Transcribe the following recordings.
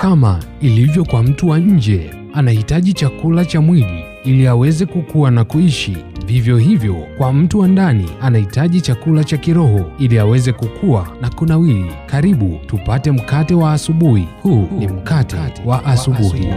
Kama ilivyo kwa mtu wa nje, anahitaji chakula cha mwili ili aweze kukua na kuishi. Vivyo hivyo kwa mtu wa ndani anahitaji chakula cha kiroho ili aweze kukua na kunawili. Karibu tupate mkate wa asubuhi. Huu ni mkate wa asubuhi.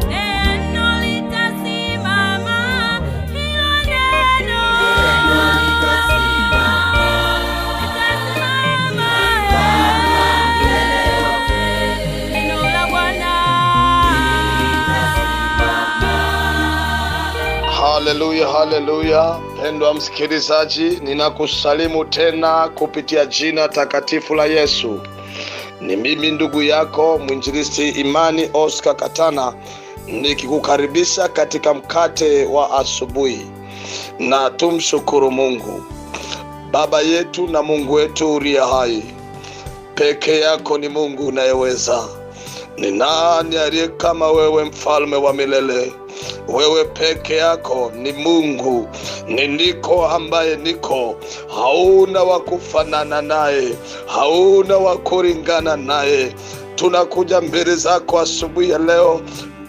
haleluya haleluya pendwa msikilizaji ninakusalimu tena kupitia jina takatifu la yesu ni mimi ndugu yako mwinjilisti imani oscar katana nikikukaribisha katika mkate wa asubuhi na tumshukuru mungu baba yetu na mungu wetu uliye hai peke yako ni mungu unayeweza ni nani aliye kama wewe mfalme wa milele wewe peke yako ni Mungu, ni niko ambaye niko, hauna wa kufanana naye, hauna wa naye. Tunakuja mbele zako asubuhi ya leo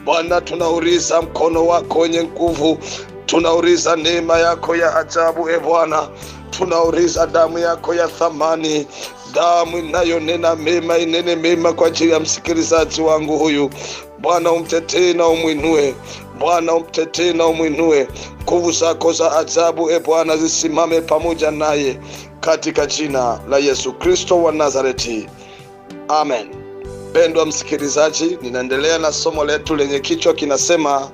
Bwana, tunauliza mkono wako wenye nguvu, tunauliza neema yako ya ajabu, e Bwana, tunauliza damu yako ya thamani damu inayonena mema inene mema kwa ajili ya msikilizaji wangu huyu Bwana, umtetee na umwinue, Bwana umtetee na umwinue. Nguvu zako za ajabu, e Bwana, zisimame pamoja naye katika jina la Yesu Kristo wa Nazareti, amen. Mpendwa msikilizaji, ninaendelea na somo letu lenye kichwa kinasema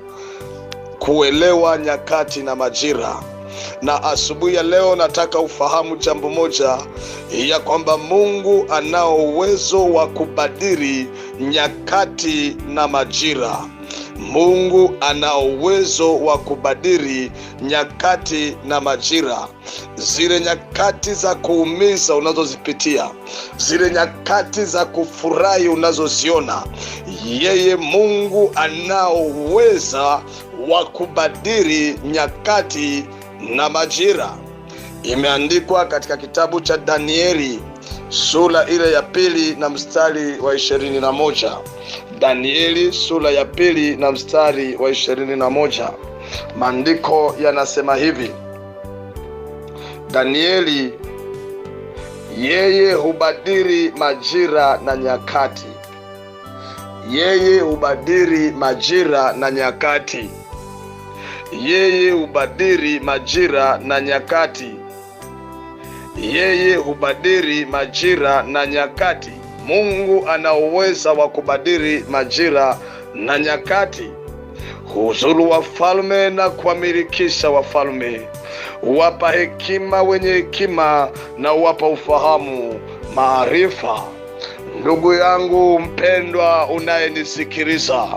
kuelewa nyakati na majira na asubuhi ya leo nataka ufahamu jambo moja ya kwamba Mungu anao uwezo wa kubadili nyakati na majira. Mungu ana uwezo wa kubadili nyakati na majira. Zile nyakati za kuumiza unazozipitia, zile nyakati za kufurahi unazoziona, yeye Mungu anao uweza wa kubadili nyakati na majira. Imeandikwa katika kitabu cha Danieli sura ile ya pili na mstari wa ishirini na moja Danieli sura ya pili na mstari wa ishirini na moja maandiko yanasema hivi: Danieli yeye hubadiri majira na nyakati, yeye hubadiri majira na nyakati, yeye hubadiri majira na nyakati, yeye hubadiri majira na nyakati Mungu ana uwezo wa kubadili majira na nyakati, huzuru wafalme na kuwamilikisha wafalme, huwapa hekima wenye hekima na huwapa ufahamu maarifa. Ndugu yangu mpendwa unayenisikiliza,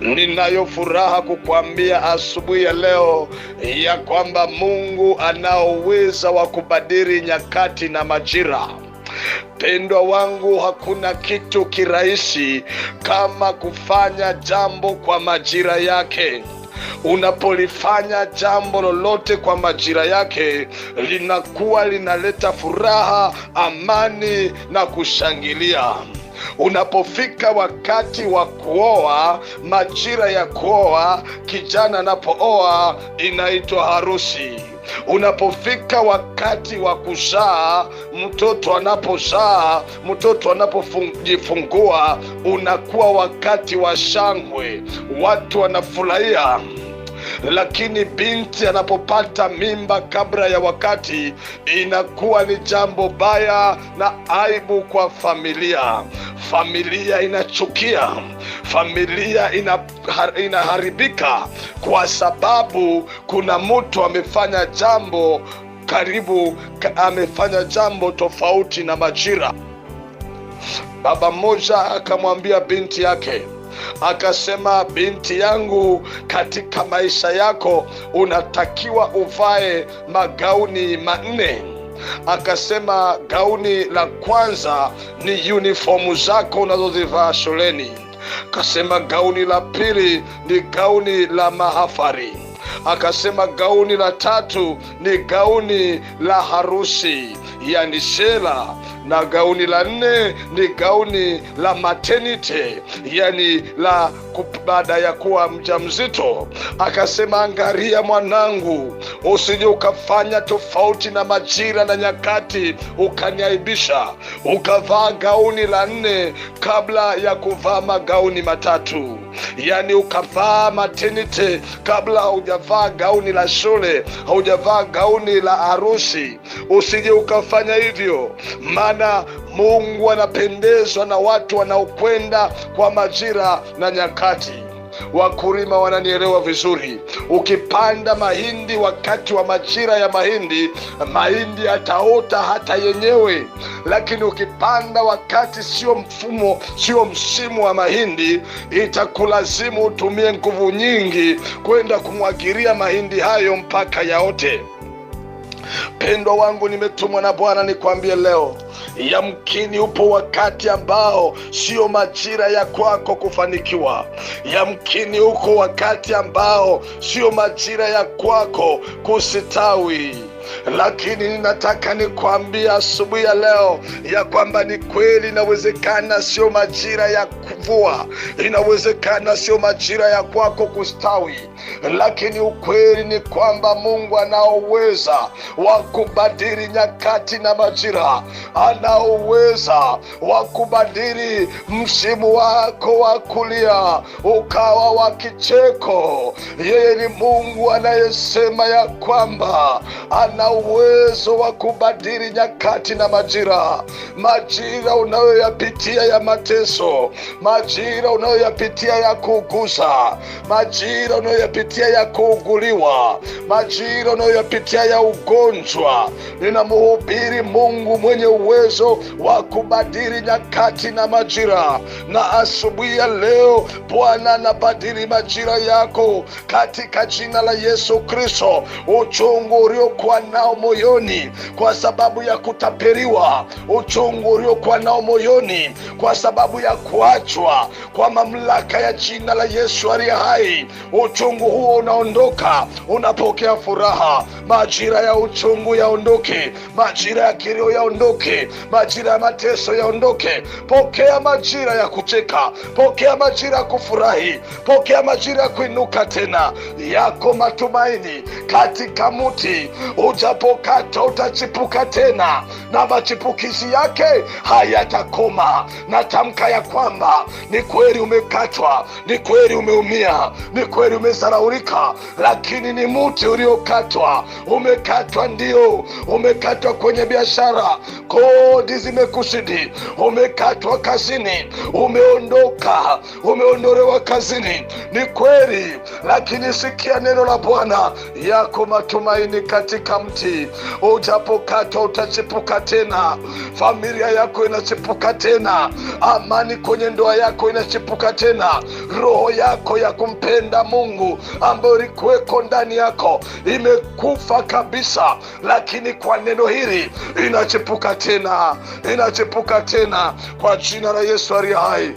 ninayo furaha kukuambia asubuhi ya leo ya kwamba Mungu anao uwezo wa kubadili nyakati na majira pendwa wangu, hakuna kitu kirahisi kama kufanya jambo kwa majira yake. Unapolifanya jambo lolote kwa majira yake, linakuwa linaleta furaha, amani na kushangilia. Unapofika wakati wa kuoa, majira ya kuoa, kijana anapooa inaitwa harusi. Unapofika wakati wa kuzaa, mtoto anapozaa, mtoto anapojifungua, unakuwa wakati wa shangwe, watu wanafurahia lakini binti anapopata mimba kabla ya wakati inakuwa ni jambo baya na aibu kwa familia. Familia inachukia, familia inaharibika kwa sababu kuna mtu amefanya jambo karibu, amefanya jambo tofauti na majira. Baba mmoja akamwambia binti yake akasema, binti yangu, katika maisha yako unatakiwa uvae magauni manne akasema gauni la kwanza ni yunifomu zako unazozivaa shuleni. Akasema gauni la pili ni gauni la mahafari Akasema gauni la tatu ni gauni la harusi, yani shela, na gauni la nne ni gauni la matenite yani la baada ya kuwa mjamzito, akasema, angaria mwanangu, usije ukafanya tofauti na majira na nyakati, ukaniaibisha, ukavaa gauni la nne kabla ya kuvaa magauni matatu, yaani ukavaa matinite kabla haujavaa gauni la shule, haujavaa gauni la harusi. Usije ukafanya hivyo, maana Mungu anapendezwa na watu wanaokwenda kwa majira na nyakati. Wakulima wananielewa vizuri. Ukipanda mahindi wakati wa majira ya mahindi, mahindi yataota hata yenyewe, lakini ukipanda wakati sio mfumo, sio msimu wa mahindi, itakulazimu utumie nguvu nyingi kwenda kumwagilia mahindi hayo mpaka yaote. Mpendwa wangu, nimetumwa na Bwana nikwambie leo, yamkini upo wakati ambao sio majira ya kwako kufanikiwa. Yamkini uko wakati ambao sio majira ya kwako kusitawi lakini ninataka nikuambia asubuhi ya leo ya kwamba ni kweli, inawezekana sio majira ya kuvua, inawezekana sio majira ya kwako kustawi, lakini ukweli ni kwamba Mungu anao uweza wa kubadili nyakati na majira, anao uweza wa kubadili msimu wako wa kulia ukawa wa kicheko. Yeye ni Mungu anayesema ya kwamba ana na uwezo wa kubadili nyakati na majira, majira unayoyapitia ya mateso, majira unayoyapitia ya kuuguza, majira unayoyapitia ya kuuguliwa, majira unayoyapitia ya ugonjwa. Ninamhubiri Mungu mwenye uwezo wa kubadili nyakati na majira, na asubuhi ya leo Bwana anabadili majira yako katika jina la Yesu Kristo. Uchungu uliokuwa nao moyoni, kwa sababu ya kutaperiwa, uchungu uliokuwa nao moyoni, kwa sababu ya kuachwa, kwa mamlaka ya jina la Yesu aliye hai, uchungu huo unaondoka, unapokea furaha. Majira ya uchungu yaondoke, majira ya kilio yaondoke, majira ya mateso yaondoke. Pokea majira ya kucheka, pokea majira ya kufurahi, pokea majira ya kuinuka tena. Yako matumaini katika muti Utapokata utachipuka tena, na machipukizi yake hayatakoma. Natamka ya kwamba ni kweli umekatwa, ni kweli umeumia, ni kweli umesaraurika, lakini ni mti uliokatwa. Umekatwa ndio, umekatwa kwenye biashara, kodi zimekushidi, umekatwa kazini, umeondoka, umeondolewa kazini. Ni kweli, lakini sikia neno la Bwana, yako matumaini katika mti, ujapokata utachepuka tena. Familia yako inachepuka tena, amani kwenye ndoa yako inachepuka tena, roho yako ya kumpenda Mungu ambayo ilikuweko ndani yako imekufa kabisa, lakini kwa neno hili inachepuka tena, inachepuka tena kwa jina la Yesu aliye hai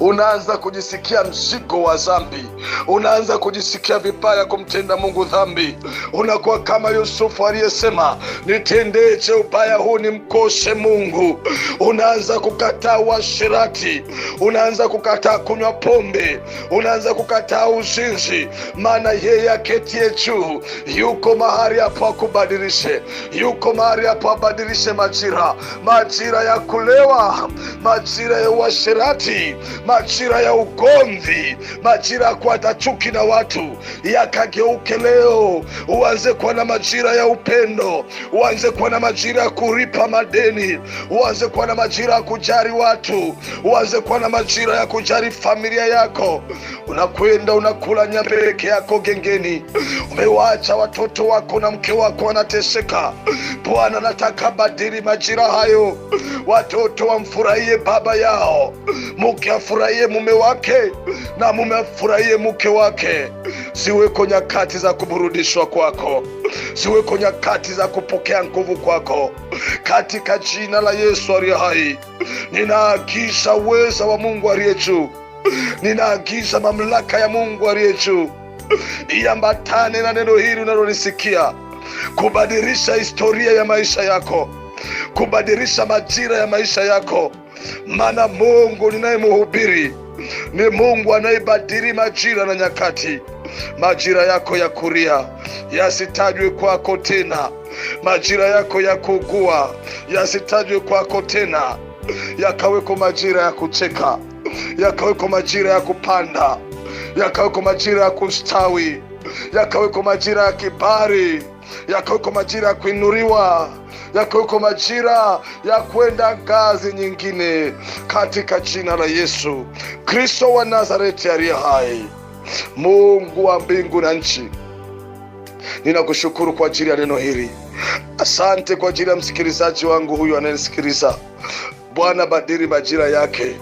unaanza kujisikia mzigo wa dhambi, unaanza kujisikia vibaya kumtenda Mungu dhambi. Unakuwa kama Yusufu aliyesema, nitendeje ubaya huu ni mkoshe Mungu? Unaanza kukataa uasherati, unaanza kukataa kunywa pombe, unaanza kukataa uzinzi, maana yeye aketie juu yuko mahali hapo akubadilishe, yuko mahali hapo abadilishe majira, majira ya kulewa, majira ya uasherati majira ya ugomvi, majira ya kuwata chuki na watu yakageuke leo. Uanze kuwa na majira ya upendo, uanze kuwa na majira ya kuripa madeni, uanze kuwa na majira ya kujali watu, uanze kuwa na majira ya kujali familia yako. Unakwenda unakula nyama peke yako gengeni, umewaacha watoto wako na mke wako wanateseka. Bwana nataka badili majira hayo, watoto wamfurahie baba yao mke afurahie mume wake na mume afurahie mke wake. Ziweko nyakati za kuburudishwa kwako, ziweko nyakati za kupokea nguvu kwako, katika jina la Yesu aliye hai. Ninaagiza uweza wa Mungu aliye juu, ninaagisha mamlaka ya Mungu aliye juu iambatane na neno hili unalolisikia, kubadilisha historia ya maisha yako, kubadilisha majira ya maisha yako maana Mungu ninayemhubiri ni Mungu anayebadiri majira na nyakati. Majira yako ya kuria yasitajwe kwako tena, majira yako ya kugua yasitajwe kwako tena, yakaweko majira ya kucheka, yakaweko majira ya kupanda, yakaweko majira ya kustawi, yakaweko majira ya kibari yakaweko majira ya kuinuriwa yako yuko majira ya kwenda ngazi nyingine, katika jina la Yesu Kristo wa Nazareti aliye hai. Mungu wa mbingu na nchi, ninakushukuru kwa ajili ya neno hili. Asante kwa ajili ya msikilizaji wangu huyu anayenisikiliza. Bwana, badiri majira yake,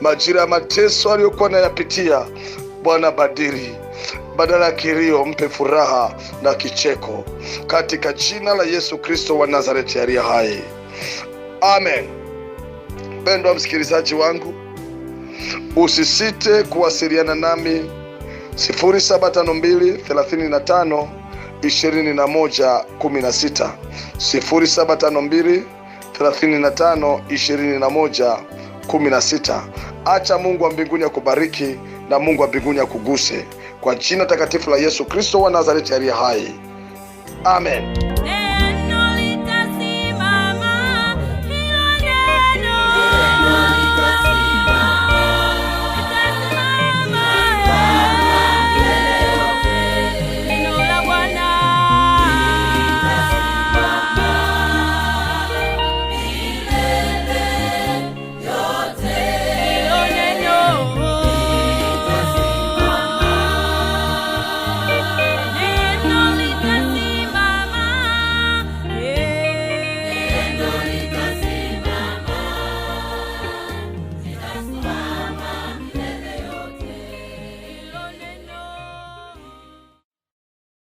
majira ya mateso aliyokuwa anayapitia. Bwana, badiri badala ya kilio mpe furaha na kicheko katika jina la yesu kristo wa nazareti aliye hai amen mpendwa msikilizaji wangu usisite kuwasiliana nami 752 acha mungu wa mbinguni akubariki na mungu wa mbinguni akuguse kwa jina takatifu la Yesu Kristo wa Nazareti aliye hai, amen.